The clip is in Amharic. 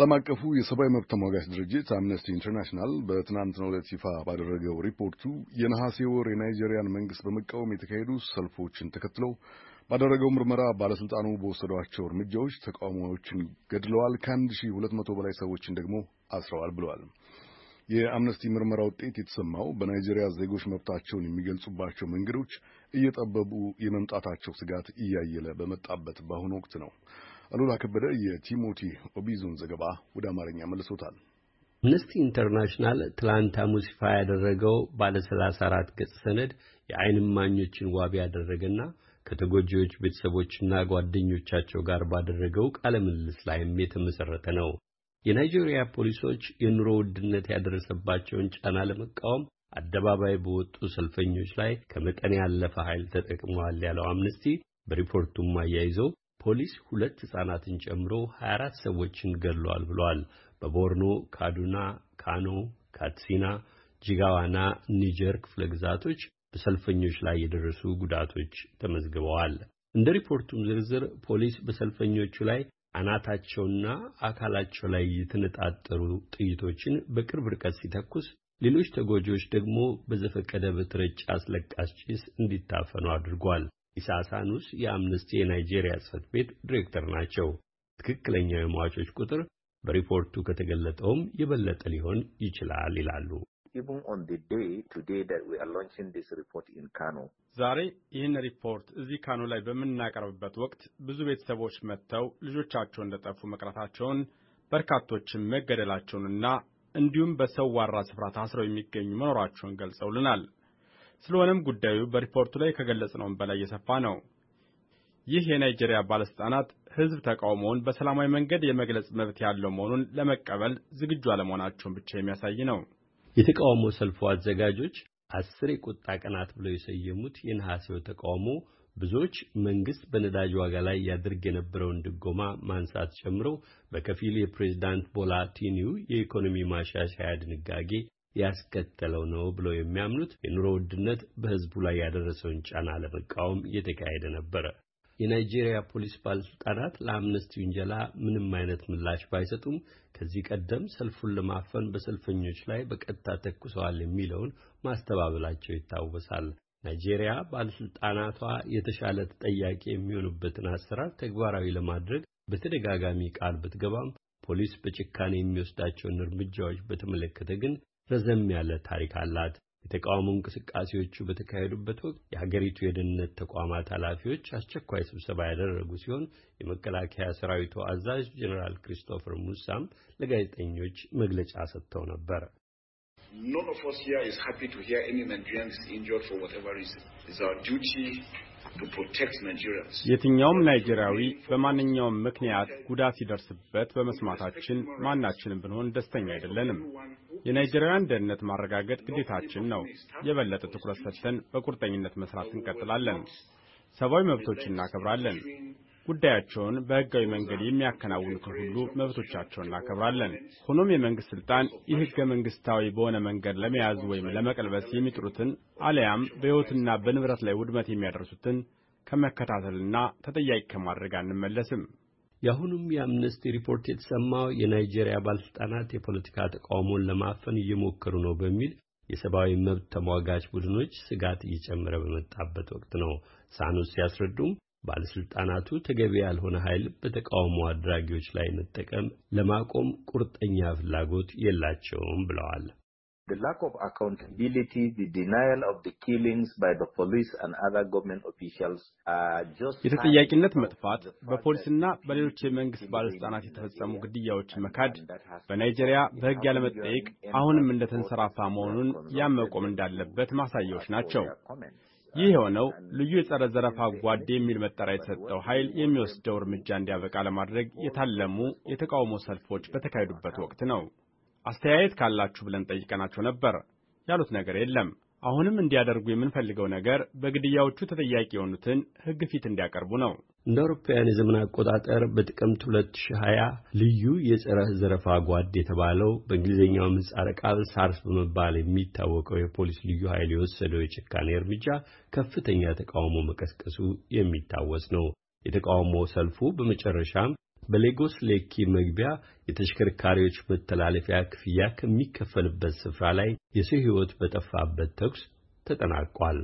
ዓለም አቀፉ የሰብአዊ መብት ተሟጋች ድርጅት አምነስቲ ኢንተርናሽናል በትናንትናው ዕለት ይፋ ባደረገው ሪፖርቱ የነሐሴ ወር የናይጄሪያን መንግሥት በመቃወም የተካሄዱ ሰልፎችን ተከትለው ባደረገው ምርመራ ባለሥልጣኑ በወሰዷቸው እርምጃዎች ተቃውሞዎችን ገድለዋል፣ ከ ከ1200 በላይ ሰዎችን ደግሞ አስረዋል ብለዋል። የአምነስቲ ምርመራ ውጤት የተሰማው በናይጄሪያ ዜጎች መብታቸውን የሚገልጹባቸው መንገዶች እየጠበቡ የመምጣታቸው ስጋት እያየለ በመጣበት በአሁኑ ወቅት ነው። አሉላ ከበደ የቲሞቲ ኦቢዙን ዘገባ ወደ አማርኛ መልሶታል። አምነስቲ ኢንተርናሽናል ትላንት ሐሙስ ይፋ ያደረገው ባለ 34 ገጽ ሰነድ የዓይን እማኞችን ዋቢ ያደረገና ከተጎጂዎች ቤተሰቦችና ጓደኞቻቸው ጋር ባደረገው ቃለ ምልልስ ላይም የተመሠረተ ነው። የናይጄሪያ ፖሊሶች የኑሮ ውድነት ያደረሰባቸውን ጫና ለመቃወም አደባባይ በወጡ ሰልፈኞች ላይ ከመጠን ያለፈ ኃይል ተጠቅመዋል ያለው አምነስቲ በሪፖርቱም አያይዘው ፖሊስ ሁለት ሕፃናትን ጨምሮ 24 ሰዎችን ገድሏል ብሏል። በቦርኖ፣ ካዱና፣ ካኖ፣ ካትሲና፣ ጂጋዋና ኒጀር ክፍለ ግዛቶች በሰልፈኞች ላይ የደረሱ ጉዳቶች ተመዝግበዋል። እንደ ሪፖርቱም ዝርዝር ፖሊስ በሰልፈኞቹ ላይ አናታቸውና አካላቸው ላይ የተነጣጠሩ ጥይቶችን በቅርብ ርቀት ሲተኩስ፣ ሌሎች ተጎጂዎች ደግሞ በዘፈቀደ በተረጨ አስለቃሽ ጭስ እንዲታፈኑ አድርጓል። ኢሳሳኑስ የአምነስቲ የናይጄሪያ ጽሕፈት ቤት ዲሬክተር ናቸው። ትክክለኛው የሟቾች ቁጥር በሪፖርቱ ከተገለጠውም የበለጠ ሊሆን ይችላል ይላሉ። ዛሬ ይህን ሪፖርት እዚህ ካኖ ላይ በምናቀርብበት ወቅት ብዙ ቤተሰቦች መጥተው ልጆቻቸው እንደጠፉ መቅረታቸውን በርካቶችን መገደላቸውንና እንዲሁም በሰው ዋራ ስፍራ ታስረው የሚገኙ መኖራቸውን ገልጸውልናል። ስለሆነም ጉዳዩ በሪፖርቱ ላይ ከገለጽነውም በላይ የሰፋ ነው። ይህ የናይጄሪያ ባለሥልጣናት ሕዝብ ተቃውሞውን በሰላማዊ መንገድ የመግለጽ መብት ያለው መሆኑን ለመቀበል ዝግጁ አለመሆናቸውን ብቻ የሚያሳይ ነው። የተቃውሞ ሰልፉ አዘጋጆች አስር የቁጣ ቀናት ብለው የሰየሙት የነሐሴው ተቃውሞ ብዙዎች መንግስት በነዳጅ ዋጋ ላይ ያድርግ የነበረውን ድጎማ ማንሳት ጨምሮ በከፊል የፕሬዝዳንት ቦላ ቲኒው የኢኮኖሚ ማሻሻያ ድንጋጌ ያስከተለው ነው ብለው የሚያምኑት የኑሮ ውድነት በሕዝቡ ላይ ያደረሰውን ጫና ለመቃወም እየተካሄደ ነበረ። የናይጄሪያ ፖሊስ ባለስልጣናት ለአምነስቲ ውንጀላ ምንም አይነት ምላሽ ባይሰጡም ከዚህ ቀደም ሰልፉን ለማፈን በሰልፈኞች ላይ በቀጥታ ተኩሰዋል የሚለውን ማስተባበላቸው ይታወሳል። ናይጄሪያ ባለስልጣናቷ የተሻለ ተጠያቂ የሚሆኑበትን አሰራር ተግባራዊ ለማድረግ በተደጋጋሚ ቃል ብትገባም ፖሊስ በጭካኔ የሚወስዳቸውን እርምጃዎች በተመለከተ ግን ረዘም ያለ ታሪክ አላት። የተቃውሞ እንቅስቃሴዎቹ በተካሄዱበት ወቅት የሀገሪቱ የደህንነት ተቋማት ኃላፊዎች አስቸኳይ ስብሰባ ያደረጉ ሲሆን የመከላከያ ሰራዊቱ አዛዥ ጀኔራል ክሪስቶፈር ሙሳም ለጋዜጠኞች መግለጫ ሰጥተው ነበር። None of us here is happy to hear any injured for whatever reason. It's our duty to protect Nigerians. የትኛውም ናይጄሪያዊ በማንኛውም ምክንያት ጉዳት ሲደርስበት በመስማታችን ማናችንም ብንሆን ደስተኛ አይደለንም። የናይጄሪያውያን ደህንነት ማረጋገጥ ግዴታችን ነው። የበለጠ ትኩረት ሰጥተን በቁርጠኝነት መስራት እንቀጥላለን። ሰብአዊ መብቶችን እናከብራለን። ጉዳያቸውን በህጋዊ መንገድ የሚያከናውኑትን ሁሉ መብቶቻቸውን እናከብራለን። ሆኖም የመንግሥት ሥልጣን ይህ ሕገ መንግሥታዊ በሆነ መንገድ ለመያዝ ወይም ለመቀልበስ የሚጥሩትን አለያም በሕይወትና በንብረት ላይ ውድመት የሚያደርሱትን ከመከታተልና ተጠያቂ ከማድረግ አንመለስም። የአሁኑም የአምነስቲ ሪፖርት የተሰማው የናይጄሪያ ባለስልጣናት የፖለቲካ ተቃውሞን ለማፈን እየሞከሩ ነው በሚል የሰብአዊ መብት ተሟጋች ቡድኖች ስጋት እየጨመረ በመጣበት ወቅት ነው። ሳኖስ ሲያስረዱም ባለስልጣናቱ ተገቢ ያልሆነ ኃይል በተቃውሞ አድራጊዎች ላይ መጠቀም ለማቆም ቁርጠኛ ፍላጎት የላቸውም ብለዋል። The lack of accountability, the denial of the killings by the police and other government officials are just የተጠያቂነት መጥፋት በፖሊስና በሌሎች የመንግስት ባለስልጣናት የተፈጸሙ ግድያዎችን መካድ በናይጄሪያ በህግ ያለመጠየቅ አሁንም እንደተንሰራፋ መሆኑን ያመቆም እንዳለበት ማሳያዎች ናቸው። ይህ የሆነው ልዩ የጸረ ዘረፋ ጓዴ የሚል መጠሪያ የተሰጠው ኃይል የሚወስደው እርምጃ እንዲያበቃ ለማድረግ የታለሙ የተቃውሞ ሰልፎች በተካሄዱበት ወቅት ነው። አስተያየት ካላችሁ ብለን ጠይቀናቸው ነበር። ያሉት ነገር የለም። አሁንም እንዲያደርጉ የምንፈልገው ነገር በግድያዎቹ ተጠያቂ የሆኑትን ሕግ ፊት እንዲያቀርቡ ነው። እንደ አውሮፓውያን የዘመን አቆጣጠር በጥቅምት 2020 ልዩ የጸረ ዘረፋ ጓድ የተባለው በእንግሊዝኛው ምህጻረ ቃል ሳርስ በመባል የሚታወቀው የፖሊስ ልዩ ኃይል የወሰደው የጭካኔ እርምጃ ከፍተኛ ተቃውሞ መቀስቀሱ የሚታወስ ነው። የተቃውሞ ሰልፉ በመጨረሻም በሌጎስ ሌኪ መግቢያ የተሽከርካሪዎች መተላለፊያ ክፍያ ከሚከፈልበት ስፍራ ላይ የሰው ሕይወት በጠፋበት ተኩስ ተጠናቋል።